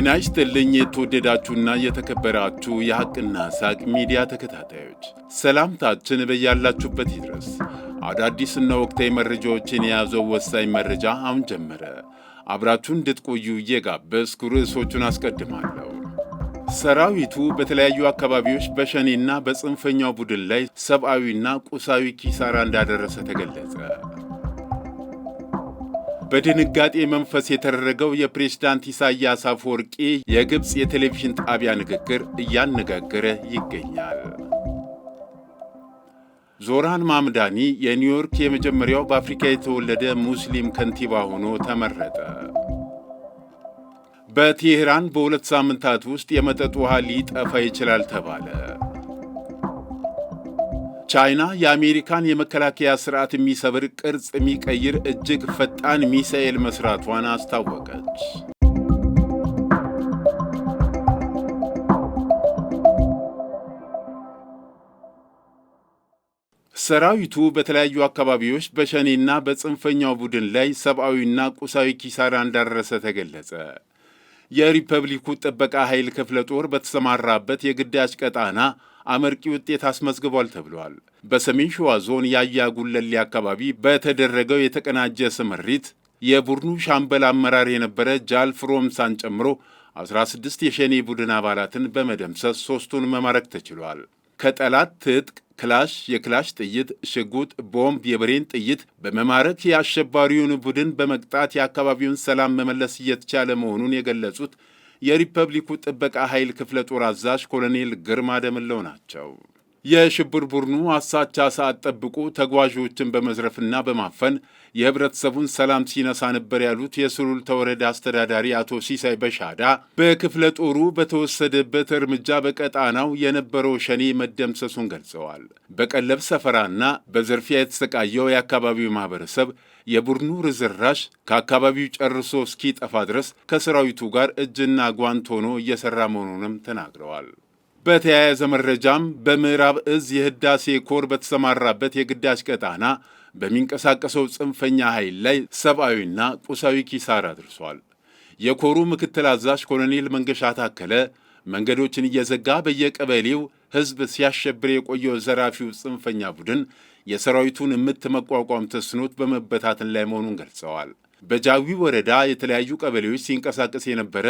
ጤና ይስጥልኝ የተወደዳችሁና የተከበራችሁ የሐቅና ሳቅ ሚዲያ ተከታታዮች፣ ሰላምታችን በያላችሁበት ይድረስ። አዳዲስና ወቅታዊ መረጃዎችን የያዘው ወሳኝ መረጃ አሁን ጀመረ። አብራችሁን እንድትቆዩ እየጋበዝኩ ርዕሶቹን አስቀድማለሁ። ሰራዊቱ በተለያዩ አካባቢዎች በሸኔና በጽንፈኛው ቡድን ላይ ሰብአዊና ቁሳዊ ኪሳራ እንዳደረሰ ተገለጸ። በድንጋጤ መንፈስ የተደረገው የፕሬዝዳንት ኢሳያስ አፈወርቂ የግብፅ የቴሌቪዥን ጣቢያ ንግግር እያነጋገረ ይገኛል። ዞራን ማምዳኒ የኒውዮርክ የመጀመሪያው በአፍሪካ የተወለደ ሙስሊም ከንቲባ ሆኖ ተመረጠ። በቴህራን በሁለት ሳምንታት ውስጥ የመጠጥ ውሃ ሊጠፋ ይችላል ተባለ። ቻይና የአሜሪካን የመከላከያ ስርዓት የሚሰብር ቅርጽ የሚቀይር እጅግ ፈጣን ሚሳኤል መስራቷን አስታወቀች። ሰራዊቱ በተለያዩ አካባቢዎች በሸኔና በጽንፈኛው ቡድን ላይ ሰብአዊና ቁሳዊ ኪሳራ እንዳደረሰ ተገለጸ። የሪፐብሊኩ ጥበቃ ኃይል ክፍለ ጦር በተሰማራበት የግዳጅ ቀጣና አመርቂ ውጤት አስመዝግቧል ተብሏል። በሰሜን ሸዋ ዞን ያያ ጉለሌ አካባቢ በተደረገው የተቀናጀ ስምሪት የቡድኑ ሻምበል አመራር የነበረ ጃል ፍሮምሳን ጨምሮ 16 የሸኔ ቡድን አባላትን በመደምሰስ ሦስቱን መማረክ ተችሏል። ከጠላት ትጥቅ ክላሽ፣ የክላሽ ጥይት፣ ሽጉጥ፣ ቦምብ፣ የብሬን ጥይት በመማረክ የአሸባሪውን ቡድን በመቅጣት የአካባቢውን ሰላም መመለስ እየተቻለ መሆኑን የገለጹት የሪፐብሊኩ ጥበቃ ኃይል ክፍለ ጦር አዛዥ ኮሎኔል ግርማ ደምለው ናቸው። የሽብር ቡድኑ አሳቻ ሰዓት ጠብቆ ተጓዦችን በመዝረፍና በማፈን የህብረተሰቡን ሰላም ሲነሳ ነበር ያሉት የሱሉልታ ወረዳ አስተዳዳሪ አቶ ሲሳይ በሻዳ በክፍለ ጦሩ በተወሰደበት እርምጃ በቀጣናው የነበረው ሸኔ መደምሰሱን ገልጸዋል። በቀለብ ሰፈራና በዝርፊያ የተሰቃየው የአካባቢው ማህበረሰብ የቡድኑ ርዝራሽ ከአካባቢው ጨርሶ እስኪጠፋ ድረስ ከሰራዊቱ ጋር እጅና ጓንት ሆኖ እየሰራ መሆኑንም ተናግረዋል። በተያያዘ መረጃም በምዕራብ እዝ የህዳሴ ኮር በተሰማራበት የግዳጅ ቀጣና በሚንቀሳቀሰው ጽንፈኛ ኃይል ላይ ሰብአዊና ቁሳዊ ኪሳራ አድርሷል። የኮሩ ምክትል አዛዥ ኮሎኔል መንገሻ ታከለ መንገዶችን እየዘጋ በየቀበሌው ህዝብ ሲያሸብር የቆየው ዘራፊው ጽንፈኛ ቡድን የሰራዊቱን ምት መቋቋም ተስኖት በመበታተን ላይ መሆኑን ገልጸዋል። በጃዊ ወረዳ የተለያዩ ቀበሌዎች ሲንቀሳቀስ የነበረ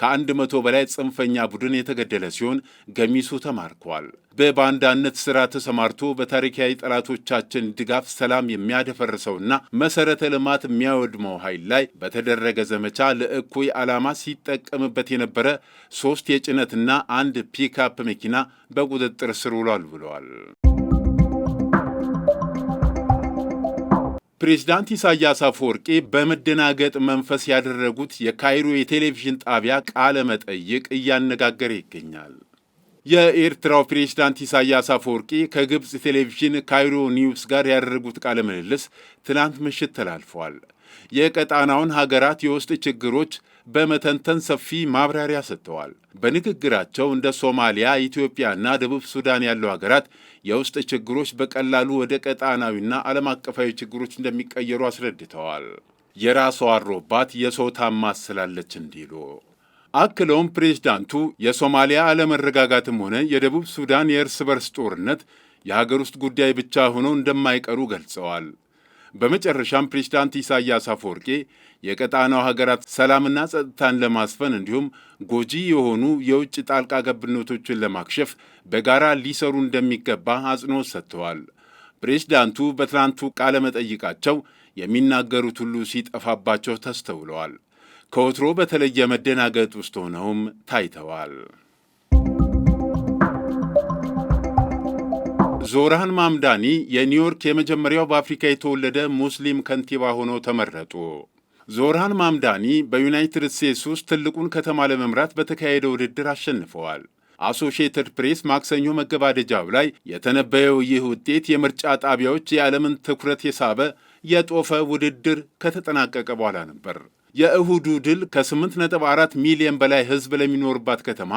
ከአንድ መቶ በላይ ጽንፈኛ ቡድን የተገደለ ሲሆን ገሚሱ ተማርከዋል። በባንዳነት ስራ ተሰማርቶ በታሪካዊ ጠላቶቻችን ድጋፍ ሰላም የሚያደፈርሰውና መሰረተ ልማት የሚያወድመው ኃይል ላይ በተደረገ ዘመቻ ለእኩይ ዓላማ ሲጠቀምበት የነበረ ሶስት የጭነትና አንድ ፒክአፕ መኪና በቁጥጥር ስር ውሏል ብለዋል። ፕሬዚዳንት ኢሳያስ አፈወርቂ በመደናገጥ መንፈስ ያደረጉት የካይሮ የቴሌቪዥን ጣቢያ ቃለ መጠይቅ እያነጋገረ ይገኛል። የኤርትራው ፕሬዚዳንት ኢሳያስ አፈወርቂ ከግብፅ ቴሌቪዥን ካይሮ ኒውስ ጋር ያደረጉት ቃለ ምልልስ ትናንት ምሽት ተላልፏል። የቀጣናውን ሀገራት የውስጥ ችግሮች በመተንተን ሰፊ ማብራሪያ ሰጥተዋል። በንግግራቸው እንደ ሶማሊያ፣ ኢትዮጵያና ደቡብ ሱዳን ያሉ ሀገራት የውስጥ ችግሮች በቀላሉ ወደ ቀጣናዊና ዓለም አቀፋዊ ችግሮች እንደሚቀየሩ አስረድተዋል። የራሷ አሮባት የሰው ታማስላለች እንዲሉ አክለውም ፕሬዝዳንቱ የሶማሊያ አለመረጋጋትም ሆነ የደቡብ ሱዳን የእርስ በርስ ጦርነት የሀገር ውስጥ ጉዳይ ብቻ ሆነው እንደማይቀሩ ገልጸዋል። በመጨረሻም ፕሬዚዳንት ኢሳያስ አፈወርቄ የቀጣናው ሀገራት ሰላምና ጸጥታን ለማስፈን እንዲሁም ጎጂ የሆኑ የውጭ ጣልቃ ገብነቶችን ለማክሸፍ በጋራ ሊሰሩ እንደሚገባ አጽንኦት ሰጥተዋል። ፕሬዚዳንቱ በትናንቱ ቃለ መጠይቃቸው የሚናገሩት ሁሉ ሲጠፋባቸው ተስተውለዋል። ከወትሮ በተለየ መደናገጥ ውስጥ ሆነውም ታይተዋል። ዞህራን ማምዳኒ የኒውዮርክ የመጀመሪያው በአፍሪካ የተወለደ ሙስሊም ከንቲባ ሆነው ተመረጡ። ዞህራን ማምዳኒ በዩናይትድ ስቴትስ ውስጥ ትልቁን ከተማ ለመምራት በተካሄደ ውድድር አሸንፈዋል። አሶሽየትድ ፕሬስ ማክሰኞ መገባደጃው ላይ የተነበየው ይህ ውጤት የምርጫ ጣቢያዎች የዓለምን ትኩረት የሳበ የጦፈ ውድድር ከተጠናቀቀ በኋላ ነበር። የእሁዱ ድል ከ8.4 ሚሊዮን በላይ ሕዝብ ለሚኖርባት ከተማ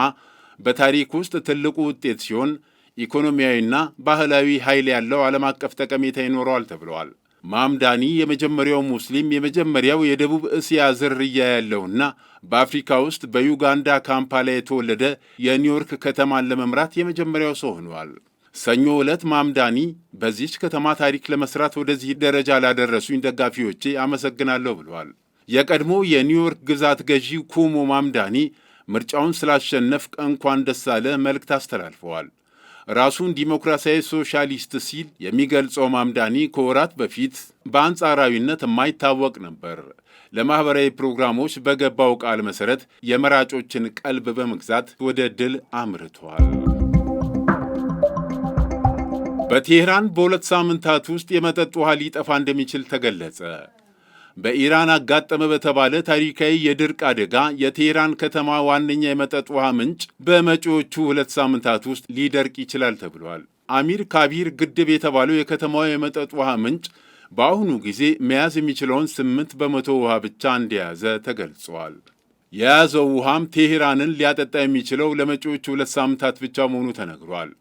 በታሪክ ውስጥ ትልቁ ውጤት ሲሆን ኢኮኖሚያዊና ባህላዊ ኃይል ያለው ዓለም አቀፍ ጠቀሜታ ይኖረዋል ተብለዋል። ማምዳኒ የመጀመሪያው ሙስሊም የመጀመሪያው የደቡብ እስያ ዝርያ ያለውና በአፍሪካ ውስጥ በዩጋንዳ ካምፓላ የተወለደ የኒውዮርክ ከተማን ለመምራት የመጀመሪያው ሰው ሆኗል። ሰኞ ዕለት ማምዳኒ በዚች ከተማ ታሪክ ለመስራት ወደዚህ ደረጃ ላደረሱኝ ደጋፊዎቼ አመሰግናለሁ ብለዋል። የቀድሞ የኒውዮርክ ግዛት ገዢ ኩሞ ማምዳኒ ምርጫውን ስላሸነፍ እንኳን ደስ አለህ መልእክት አስተላልፈዋል። ራሱን ዲሞክራሲያዊ ሶሻሊስት ሲል የሚገልጸው ማምዳኒ ከወራት በፊት በአንጻራዊነት የማይታወቅ ነበር። ለማኅበራዊ ፕሮግራሞች በገባው ቃል መሠረት የመራጮችን ቀልብ በመግዛት ወደ ድል አምርቷል። በቴህራን በሁለት ሳምንታት ውስጥ የመጠጥ ውሃ ሊጠፋ እንደሚችል ተገለጸ። በኢራን አጋጠመ በተባለ ታሪካዊ የድርቅ አደጋ የቴህራን ከተማ ዋነኛ የመጠጥ ውሃ ምንጭ በመጪዎቹ ሁለት ሳምንታት ውስጥ ሊደርቅ ይችላል ተብሏል። አሚር ካቢር ግድብ የተባለው የከተማዋ የመጠጥ ውሃ ምንጭ በአሁኑ ጊዜ መያዝ የሚችለውን ስምንት በመቶ ውሃ ብቻ እንደያዘ ተገልጿል። የያዘው ውሃም ቴህራንን ሊያጠጣ የሚችለው ለመጪዎቹ ሁለት ሳምንታት ብቻ መሆኑ ተነግሯል።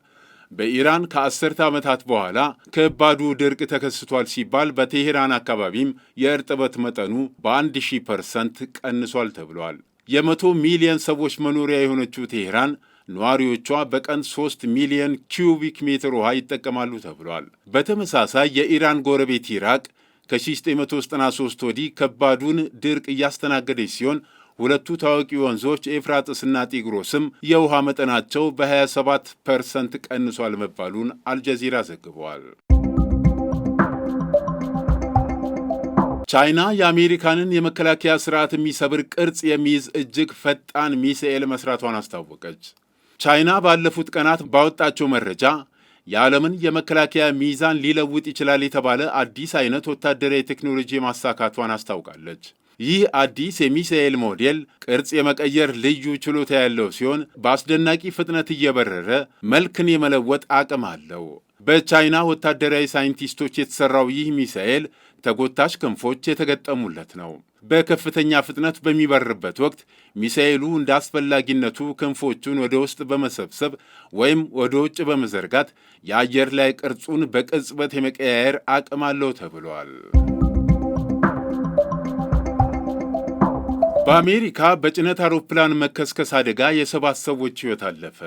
በኢራን ከአስርተ ዓመታት በኋላ ከባዱ ድርቅ ተከስቷል ሲባል በቴሄራን አካባቢም የእርጥበት መጠኑ በ1000 ፐርሰንት ቀንሷል ተብሏል። የመቶ ሚሊየን ሰዎች መኖሪያ የሆነችው ቴሄራን ነዋሪዎቿ በቀን 3 ሚሊየን ኪዩቢክ ሜትር ውሃ ይጠቀማሉ ተብሏል። በተመሳሳይ የኢራን ጎረቤት ኢራቅ ከ1993 ወዲህ ከባዱን ድርቅ እያስተናገደች ሲሆን ሁለቱ ታዋቂ ወንዞች ኤፍራጥስና ጢግሮስም የውሃ መጠናቸው በ27 ፐርሰንት ቀንሷል መባሉን አልጀዚራ ዘግበዋል። ቻይና የአሜሪካንን የመከላከያ ስርዓት የሚሰብር ቅርጽ የሚይዝ እጅግ ፈጣን ሚሳኤል መስራቷን አስታወቀች። ቻይና ባለፉት ቀናት ባወጣቸው መረጃ የዓለምን የመከላከያ ሚዛን ሊለውጥ ይችላል የተባለ አዲስ አይነት ወታደራዊ ቴክኖሎጂ ማሳካቷን አስታውቃለች። ይህ አዲስ የሚሳኤል ሞዴል ቅርጽ የመቀየር ልዩ ችሎታ ያለው ሲሆን በአስደናቂ ፍጥነት እየበረረ መልክን የመለወጥ አቅም አለው። በቻይና ወታደራዊ ሳይንቲስቶች የተሰራው ይህ ሚሳኤል ተጎታች ክንፎች የተገጠሙለት ነው። በከፍተኛ ፍጥነት በሚበርበት ወቅት ሚሳኤሉ እንደ አስፈላጊነቱ ክንፎቹን ወደ ውስጥ በመሰብሰብ ወይም ወደ ውጭ በመዘርጋት የአየር ላይ ቅርጹን በቅጽበት የመቀያየር አቅም አለው ተብሏል። በአሜሪካ በጭነት አውሮፕላን መከስከስ አደጋ የሰባት ሰዎች ሕይወት አለፈ።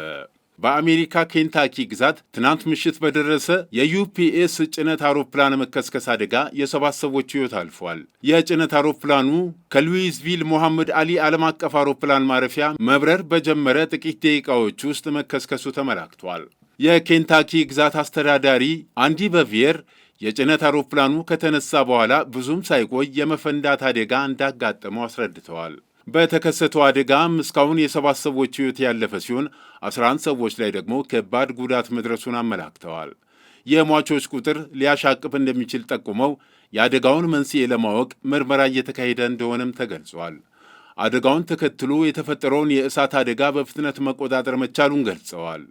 በአሜሪካ ኬንታኪ ግዛት ትናንት ምሽት በደረሰ የዩፒኤስ ጭነት አውሮፕላን መከስከስ አደጋ የሰባት ሰዎች ሕይወት አልፏል። የጭነት አውሮፕላኑ ከሉዊዝቪል ሞሐመድ አሊ ዓለም አቀፍ አውሮፕላን ማረፊያ መብረር በጀመረ ጥቂት ደቂቃዎች ውስጥ መከስከሱ ተመላክቷል። የኬንታኪ ግዛት አስተዳዳሪ አንዲ በቪየር የጭነት አውሮፕላኑ ከተነሳ በኋላ ብዙም ሳይቆይ የመፈንዳት አደጋ እንዳጋጠመው አስረድተዋል። በተከሰተው አደጋም እስካሁን የሰባት ሰዎች ሕይወት ያለፈ ሲሆን 11 ሰዎች ላይ ደግሞ ከባድ ጉዳት መድረሱን አመላክተዋል። የሟቾች ቁጥር ሊያሻቅብ እንደሚችል ጠቁመው የአደጋውን መንስኤ ለማወቅ ምርመራ እየተካሄደ እንደሆነም ተገልጿል። አደጋውን ተከትሎ የተፈጠረውን የእሳት አደጋ በፍጥነት መቆጣጠር መቻሉን ገልጸዋል።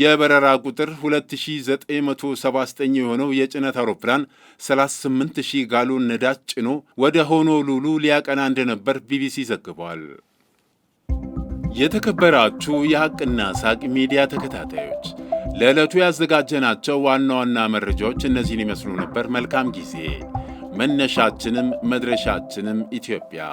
የበረራ ቁጥር 2979 የሆነው የጭነት አውሮፕላን 38000 ጋሎን ነዳጅ ጭኖ ወደ ሆኖሉሉ ሊያቀና እንደነበር ቢቢሲ ዘግቧል። የተከበራችሁ የሐቅና ሳቅ ሚዲያ ተከታታዮች ለዕለቱ ያዘጋጀናቸው ዋና ዋና መረጃዎች እነዚህን ይመስሉ ነበር። መልካም ጊዜ። መነሻችንም መድረሻችንም ኢትዮጵያ።